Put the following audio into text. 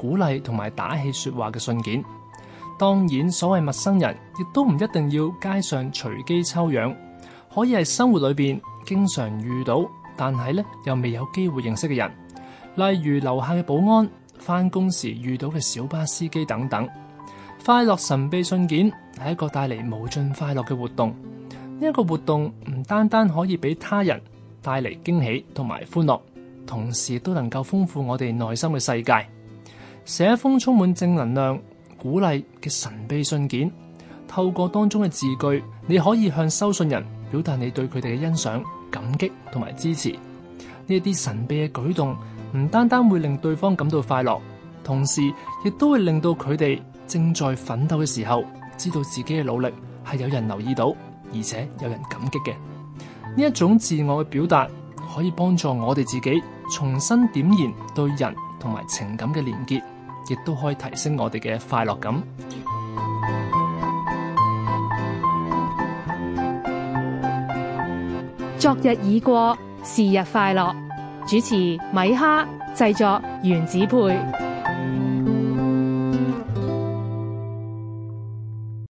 鼓勵同埋打氣說話嘅信件，當然所謂陌生人亦都唔一定要街上隨機抽樣，可以係生活裏邊經常遇到，但係咧又未有機會認識嘅人，例如樓下嘅保安，返工時遇到嘅小巴司機等等。快樂神秘信件係一個帶嚟無盡快樂嘅活動，呢、這、一個活動唔單單可以俾他人帶嚟驚喜同埋歡樂，同時都能夠豐富我哋內心嘅世界。寫一寫封充滿正能量、鼓勵嘅神秘信件，透過當中嘅字句，你可以向收信人表達你對佢哋嘅欣賞、感激同埋支持。呢一啲神秘嘅舉動，唔單單會令對方感到快樂，同時亦都會令到佢哋正在奮鬥嘅時候，知道自己嘅努力係有人留意到，而且有人感激嘅。呢一種自我嘅表達，可以幫助我哋自己重新點燃對人。同埋情感嘅連結，亦都可以提升我哋嘅快樂感。昨日已過，是日快樂。主持米哈，製作原子配。